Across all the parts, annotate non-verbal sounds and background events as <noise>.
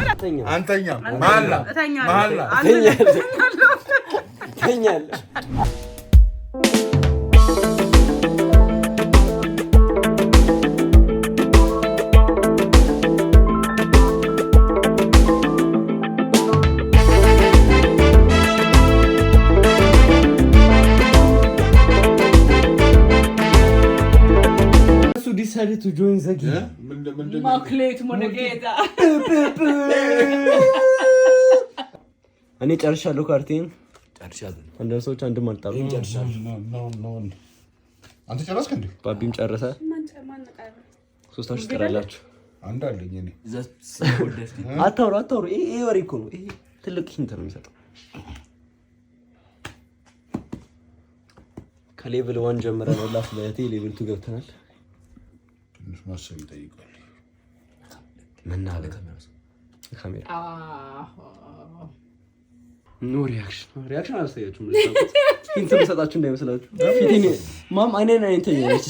አንተኛም decided to join the game. ማክሌት ሞነጌታ እኔ ጨርሻለሁ። ካርቴን ጨርሻለሁ። አንዳንድ ሰዎች አንድም አልጣሉ። አንተ ጨረስክ እንዴ? ባቢም ጨረሰ። ሶስታችሁ ትቀራላችሁ። አንድ አለኝ እኔ። አታውሩ አታውሩ። ይሄ ወሬ እኮ ነው። ይሄ ትልቅ ሂንት ነው የሚሰጠው። ከሌቭል ዋን ጀምረን ላስ ለቴ ሌቭል ቱ ገብተናል። ትንሽ ማሰብ ይጠይቃል። መናለቅ ኖ ሪያክሽን ሪያክሽን አላሳያችሁም። ፊት ሰጣችሁ እንዳይመስላችሁ ማም አይነን አይነተኛ ነች።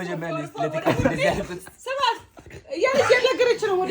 መጀመሪያ ለቴካ ያልነገረች ነው ወደ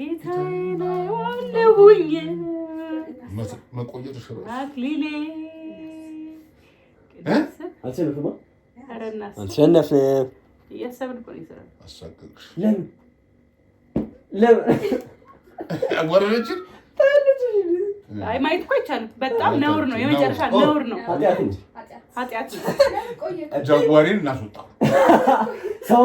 ጌታዬን አየዋለሁኝ መቆየትሽ አክሊሌ አልሸነፍንም እያሰብን እኮ አይ ማየት እኮ አይቻልም። በጣም ነውር ነው፣ የመጨረሻ ነውር ነው፣ ኃጢአት ነው። ጀጓሬን ሰው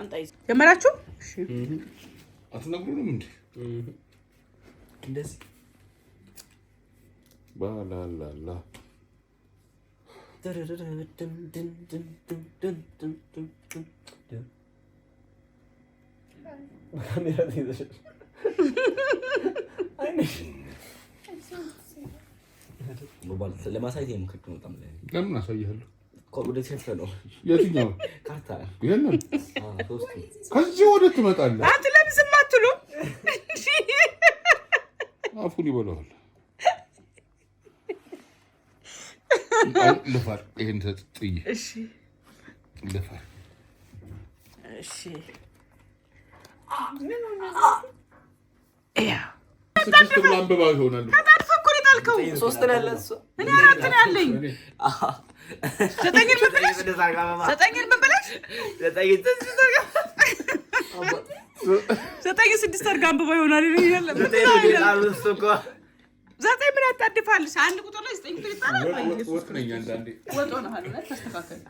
አንጣይዝ ጀመራችሁ። እሺ አትነግሩንም እንዴ? እንደዚህ ባላላላ ለማሳየት የምክክል ነው። ለምን አሳያለሁ የትኛው ይሄንን ከዚህ ወደ ትመጣለህ። አትለምስ ማትሉ አፉን ይበላዋል። ልፋር ይሄን ሰጥጥዬ ልፋር አንብባ ይሆናል ያልከው? ሶስት ነው ያለ እሱ። እኔ አራት ነው ያለኝ። ዘጠኝን ምን ብለሽ ዘጠኝን ብለሽ ዘጠኝ ስድስት አድርጋ አንብባ ይሆናል። ይ ዘጠኝ ምን ያጣድፋልሽ? አንድ ቁጥር ላይ ዘጠኝ ቁጥር ይጣላል። ነው ተስተካከል፣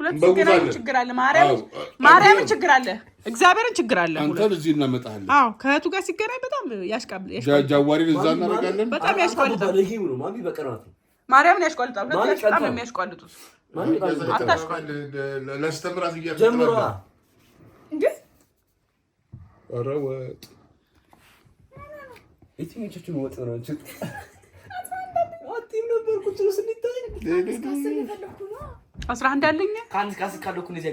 ሁለት ችግር አለ። ማርያምን ችግር አለ። እግዚአብሔርን ችግር አለ። አንተን እዚህ እናመጣለን። አዎ ከእህቱ ጋር ሲገናኝ በጣም ያሽቃል። ጃዋሪን እዛ እናደርጋለን። በጣም ያሽቋልጣል። ማርያምን ያሽቋልጣል። በጣም የሚያሽቋልጡት ለስተምራት ወጥ ነው? አስራ አንድ አለኝ ከአንድ እስከ አስር ካለኩ እዚህ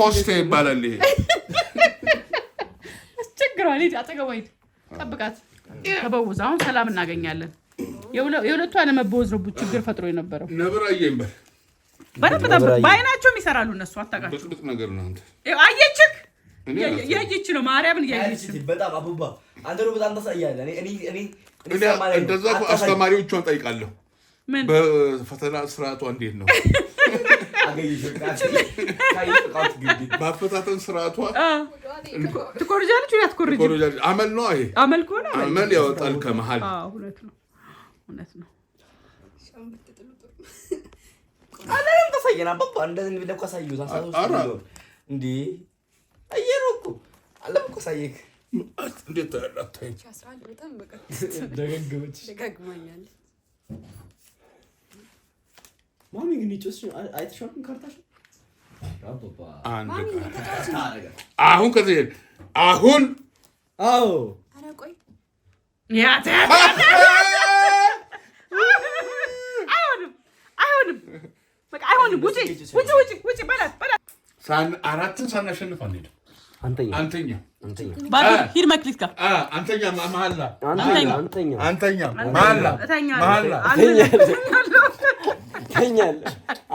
ፖስቴ ይባላል። ይሄ አስቸግረዋል። ሂድ፣ አጠገቧ ሂድ፣ ጠብቃት። ተበውዝ አሁን ሰላም እናገኛለን። የሁለቱ አለመበወዝ ነው ችግር ፈጥሮ የነበረው። ነብር አየኝ በደንብ ጠብቅ። በአይናቸውም ይሰራሉ እነሱ አታውቃቸው። ነገር ነው ያየች ነው ማርያምን ያየች። በጣም አቡባ አንተ ነው በጣም ታሳያለህ። እኔ እኔ እንደዛ አስተማሪዎቿን ጠይቃለሁ። በፈተና ስርዓቷ እንዴት ነው? <laughs> ማፈታተን ስርዓቷ ትኮርጃለች ወይ አትኮርጅም? አመል ነው ይሄ አመል ከሆነ አመል ያወጣል ከመሀል እውነት ነው እውነት ነው። አለም ተሳየና ባ እንደዚህ ብለህ አሳየሁት እንዴ አየሩ እኮ አለም እኮ ሳየክ እንዴት ተላታኝ ደጋግመኛለች ማሚ ግን ይጮስ አይተሻልኩም። ካርታሽ አሁን ከዚህ አሁን አዎ አራትን ሳናሸንፍ አንተኛ አንተኛ አንተኛ ይገኛል።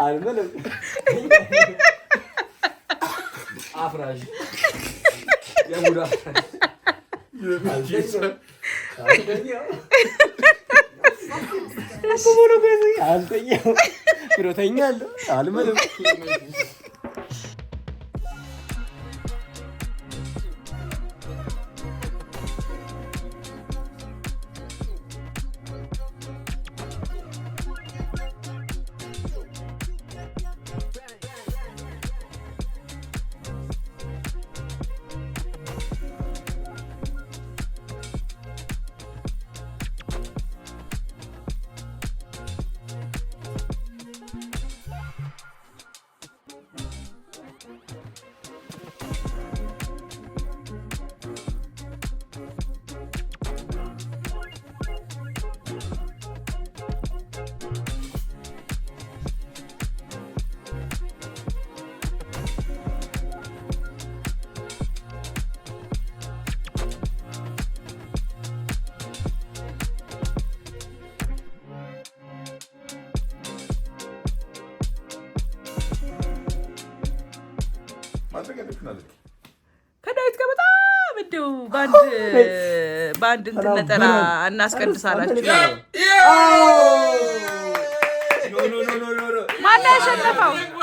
አልምልም አፍራሽ የቡዳ አልተኛም ብሎ ተኛል አልምልም thank you በአንድ በአንድ እንትን ነጠላ እናስቀድሳላችሁ። ማነው ያሸነፈው?